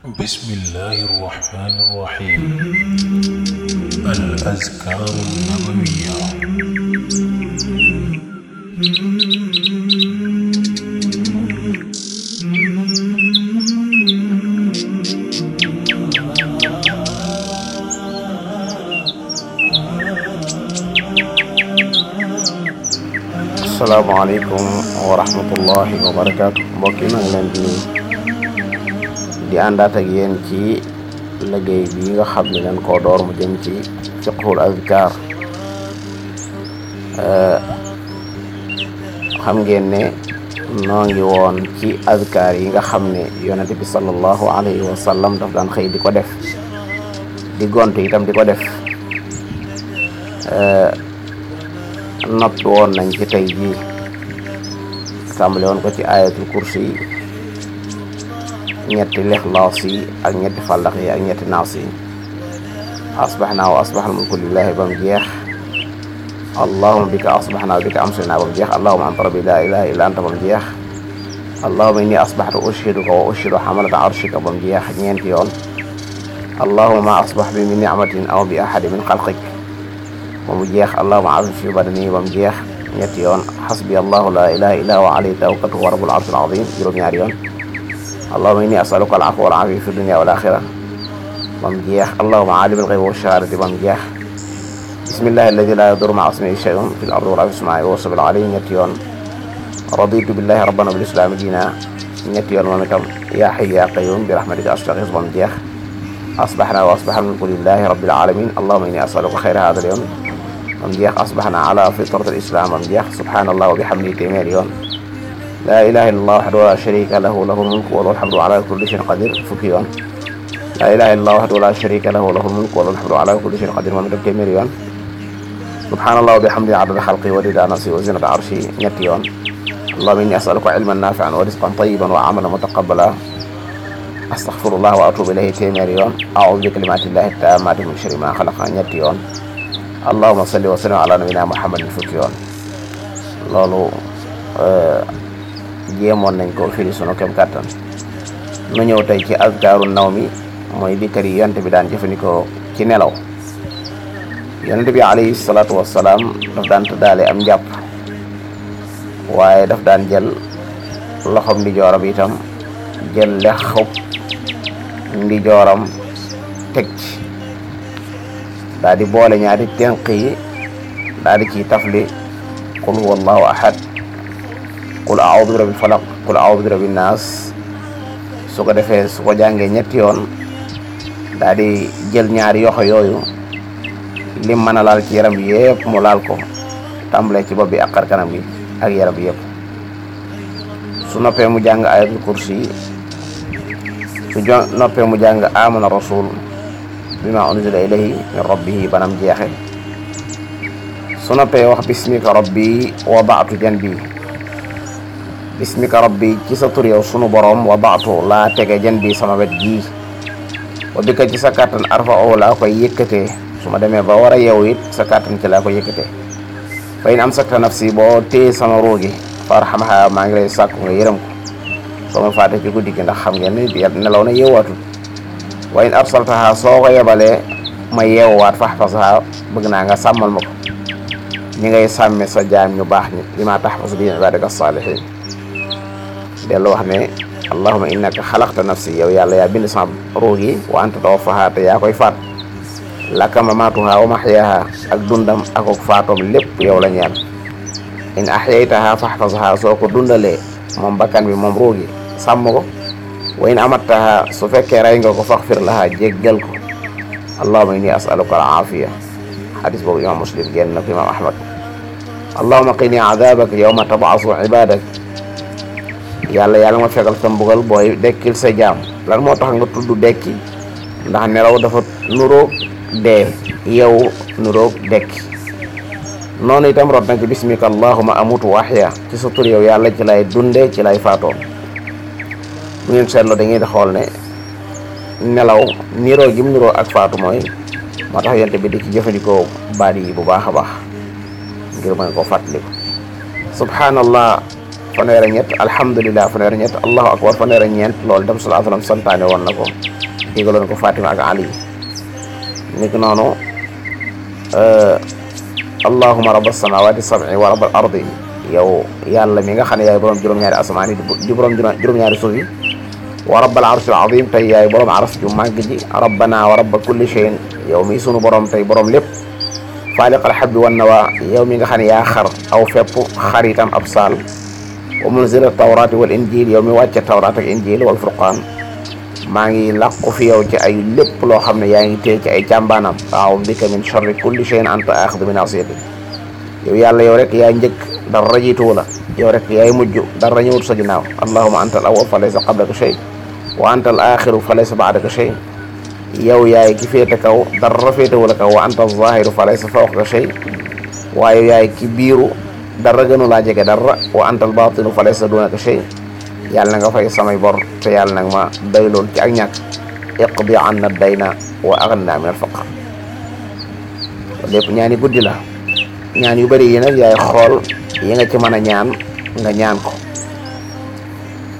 بسم الله الرحمن الرحيم الأذكار النبوية asalaamaaleykum wa rahmatullahi wa barakaatu mbokk yi maa ngi leen di di àndaat ak yéen ci liggéey bi nga xam ne dañ koo door mu jëm ci fiqhul azkar euh, xam ngeen ne noo ngi woon ci azkar yi nga xam ne yonente bi sallallahu alayhi wa daf daan xëy di ko def di gont itam di ko def euh, nopp woon nañ ci tey jii tàmbale woon ko ci ayatul kursi ñetti lixlaas yi ak ñetti fallax yi ak ñetti naas yi asbaxnaa wa asbaxal mulku lillahi ba mu jeex allahuma bika asbaxnaa wa bika amsaynaa ba mu jeex allahuma anta rabbi laa ilaha illa anta ba mu jeex allahuma inni asbaxtu ushiduka wa ushidu xamalata arshika ba mu jeex ñeenti yoon allahuma ma asbax bi min nicmatin aw bi ahadi min xalqik ba mu jeex allahuma afif fi badani ba mu jeex ñetti yoon xasbi allahu laa ilaha illa wa alayhi tawakkaltu wa rabbul arshil azim juróom-ñaari yoon allahuma inni asaluka al afwa wal afiya fi dunia wal axira bam jeex allahuma alim al ghaybi wa shahadati bam jeex bismillahi alladi la yadurru ma'a ismihi shay'un fil ardi wala fis samaa'i wa huwa as-sami'ul aliim ñetti yoon raditu billahi rabban wa bil islami diina ñetti yoon moom itam yaa hayyu yaa qayyuum bi rahmatika astaghis bam jeex asbaxna wa asbaxa almulku lillahi rabbil alamin allahuma inni asaluka xayra hada al yawm bam jeex asbaxna ala fitrati al islam bam jeex subhanallah wa bihamdihi téeméeri yoon laa ilaha illallah wahdahu laa sharika lahu lahul mulku wa lahul hamdu ala kulli shay'in qadir fukki yoon laa ilaha illallah wahdahu laa sharika lahu lahul mulku wa lahul hamdu ala kulli shay'in qadir moom itam téeméeri yoon subhanallah wa bihamdihi adada xalqi wa rida nafsi wa zinata arshi ñetti yoon allahumma inni as'aluka ilman nafi'an wa rizqan tayyiban wa amalan mutaqabbalan astaghfirullah wa atubu ilayhi téeméeri yoon a'udhu bi kalimatillahi tammati min sharri ma xalaqa ñetti yoon allahumma salli wa sallim ala nabiyyina muhammadin fukki yoon loolu jéemoon nañ ko firi sunu kem kàttan nu ñëw tey ci azkaaru naw mi mooy dikkar yi yonent bi daan jëfandikoo ci nelaw yonent bi alayhi salaatu wassalaam daf daan tëddaale am njàpp waaye daf daan jël loxom ndi jooram itam jël lexub ndi jooram teg ci daal di boole ñaari tenq yi daal di ciy tafli qul huwallahu ahad qul a'udhu bi rabbil falaq qul a'udhu bi rabbin nas su ko defee su ko jàngee ñetti yoon daal di jël ñaari yoxo yooyu lim mën a laal ci yaram bi mu laal ko tàmbalee ci bopp bi ak kanam bi ak yaram bi yëpp su noppee mu jàng ayatul kursi su noppee mu jàng amana rasul bima unzila ilayhi min rabbihi banam jeexe su noppee wax bismika rabbi wada'tu janbi bismika rabbi ci sa tur yow sunu borom wa baatu laa tege jën bi sama wet ji wa bika ci sa kàttan arfa oo laa koy yëkkatee su ma demee ba war a yow it sa kàttan ci laa koy yëkkatee fa in am sakta nafsi boo téye sama ruugi farhamha maa ngi lay sàkku nga yërëm ko soo ma faate ci ndax xam ngeen ni nelaw na yeewaatul wa in arsaltaha soo ko yebalee ma yeewwaat fahfasaha bëgg naa nga sàmmal ma ko ñi ngay sàmmee sa jaam ñu baax ñi li ma tahfas bi ibadaka salihin dellu wax ne allahuma innaka xalaqta nafsi yow yàlla yaa bind sama ruux gi wa anta tawaffaha te yaa koy faat laka mamaatuha wa maxyaaha ak dundam ak ak faatoom lépp yow in axyaytaha faxfasha soo ko dundalee moom bakkan bi moom ruugi sàmm ko wa in amattaha su fekkee rey nga ko laha jéggal ko allahuma inni asaluka al aafiya xadis boobu imam muslim génn na ko imam ahmad allahuma qini adaabaka yowma tabasu ibadak yàlla yàlla nga fegal sa mbugal booy dekkil sa jaam lan moo tax nga tudd dekki ndax nelaw dafa nuroog dee yow nuroog dekki noonu itam rot na ci bismika allahuma amutu wa ahya ci sa tur yow yàlla ci lay dunde ci lay faatoo bu ngeen seetloo da ngeen di xool ne nelaw niroo gim niroo ak faatu mooy moo tax yonte bi di ci jëfandikoo baat yi bu baax a baax ngir mën ko fàttaliku subhanallah fanweer ak ñett alhamdulilah fanweer ak ñett allahu akbar fanweer ak ñeent loolu dem sallallahu alayhi wa sallam santaane woon na ko digaloon ko Fatima ak Ali niki noonu euh, allahuma rabba samawati sab'i wa rabbal ardi yow yàlla mi nga xam ne yaay borom juróom-ñaari asamaan yi di borom juróom-ñaari suuf yi wa rabbal arshil azim tey yaay borom aras ju màgg ji rabbana wa rabba kulli shay'in yow mi sunu borom tey borom lépp faaliqal habbi wan nawa yow mi nga xam ne yaa xar aw fépp xar itam ab saal wa a tawraati wal injil yow mi wàcce tawraat a injil wal furqaan maa ngi làqu fi yow ci ay lépp loo xam ne yaa ngi téye ci ay càmbaanam waaw bika min sharri kulli shay'in anta axdu min asiyati yow yàlla yow yaa njëkk dara jiituwu la yow rek yaay mujj dara ñëwut sa ginnaaw allahuma anta al awal fa laysa qablaka shay wa anta al axiru fa laysa baadaka yow yaay ki féete kaw dara féetewu la kaw wa anta al zahiru fa laysa fawqaka shay waaye yaay ki dara gënu laa jege dara wa antal baatinu fa laysa duunaka shay yàlla na nga fay samay bor te yàlla na nga ma daylool ci ak ñàkk iqdi anna dayna wa aghnina min al faqr ñaani guddi la yu bari yi nag yaay xool yi nga ci mën a ñaan nga ñaan ko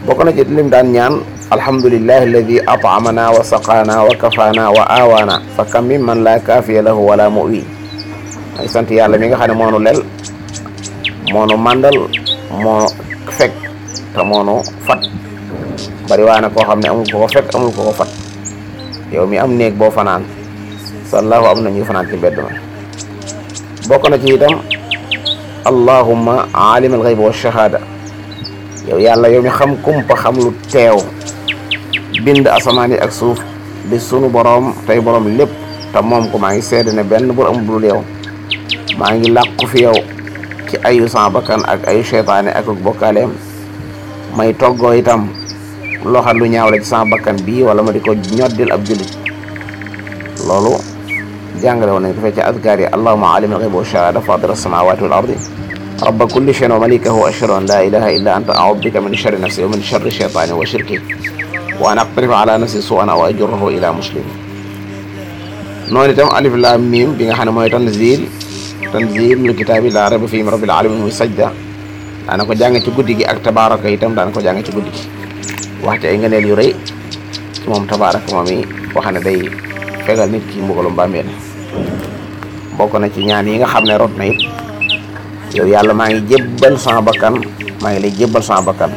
bokk na ci lim daan ñaan alhamdulillahi alladi at'amana wa saqana wa kafana wa awana fa kam min man la kaafiya lahu wala muwi ay sant yàlla mi nga xam ne moonu lel moonu màndal moo fekk te moonu fat bari waa na koo xam ne amul ko fekk amul ko fat yow mi am néeg boo fanaan sallahu am na ñuy fanaan ci mbedd ma bokk na ci itam allahumma alim al wa shahada yow yàlla yow mi xam kumpa xam lu teew bind asamaan ak suuf di sunu boroom tey boroom lépp te moom ko maa ngi seede ne benn bur amul lu yow maa ngi làqu fi yow ki ayu sama bakkan ak ayu seytaane ak bokkaaleem may toggoo itam loo xam lu ñaaw la ci sama bakkan bii wala ma di ko ñoddil ab jullit loolu jàngale woon nañ ko fee ci azkaar yi allahuma alim alxaybi wa shahaada faadira samaawaati wal ardi rabba kulli shay'in wa malikahu ashhadu an laa ilaha illa anta a'uudu bika min sharri nafsi wa min sharri shaytaani wa shirki wa an aqtarif ala nafsi su'an aw ajurruhu ila muslim noonu itam alif laam miim bi nga xam ne mooy tanzil tanzilul kitaabi laa rayba fiihi min rabbil aalamiin muy sajda daana ko jàng ci guddi gi ak tabaaraka itam daana ko jàng ci guddi gi wax ci ay ngëneel yu rëy ci moom tabaaraka moom yi wax ne day fegal nit ki mbugalum bàmmeel bokk na ci ñaan yi nga xam ne rot na it yow yàlla maa ngi jébbal sama bakkan maa ngi lay jébbal sama bakkan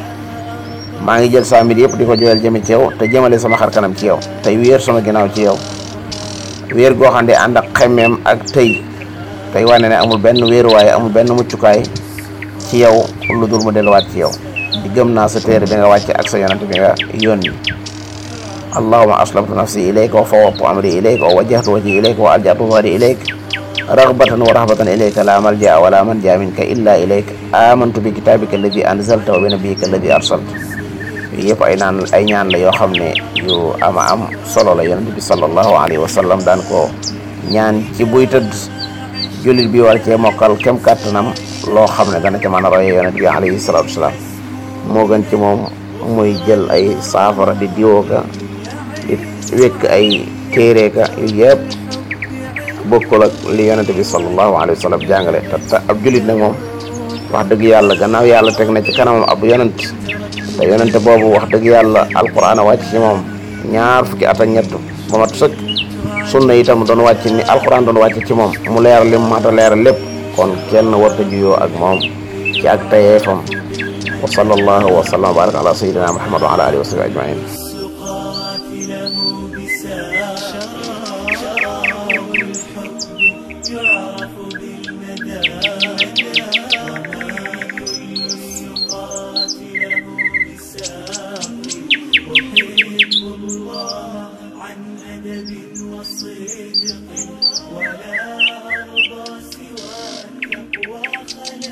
maa ngi jël saa yëpp di ko jooyal jëme cew yow te jëmale sama xar kanam ci yow tey wéer sama ginnaaw ci yow wéer goo xam ne ak xemmeem ak tey tey wane ne amul benn wéeruwaay amul benn muccukaay ci yow lu dul mu delluwaat ci yow di gëm naa sa téere bi nga wàcce ak sa yonent bi nga yónni allahuma aslamtu nafsi ilayka wa fawwadtu amri ilayka wa wajjahtu wajhi ilayka wa alja'tu dhahri ilayka raghbatan wa rahbatan ilayka la malja'a wa la manja minka illa ilayka amantu bi kitabika alladhi anzalta wa bi nabiyyika alladhi arsalta yooyu yëpp ay naan ay ñaan la yoo xam ne yu ama am solo la yonent bi sallallahu alayhi wa sallam daan ko ñaan ci buy tëdd jullit bi war cee mokkal kem kàttanam loo xam ne dana ca mën a royee yonent bi alayhi salaatu wasalaam moo gën ci moom muy jël ay saafara di diwooka di wékk ay téereeka yu yëpp bokkul ak li yonent bi sallallahu alayhi wa sallam jàngale te ab jullit nag moom wax dëgg yàlla gannaaw yàlla teg na ci kanamam ab yonent te yonent boobu wax dëgg yàlla alquran a wàcc ci moom ñaar fukki at ak ñett ba mat sëkk sunna itam doon wàcc ni alxuraan doon wàcc ci moom mu leer li mu mat a leer lépp kon kenn warta juyoo ak moom ci ak tayeefam wa sallallahu wa sallam wa baraka ala sayyidina muhammad wa ala wa sahbihi ajmain وصدق ولا أرضى سوى التقوى خلاص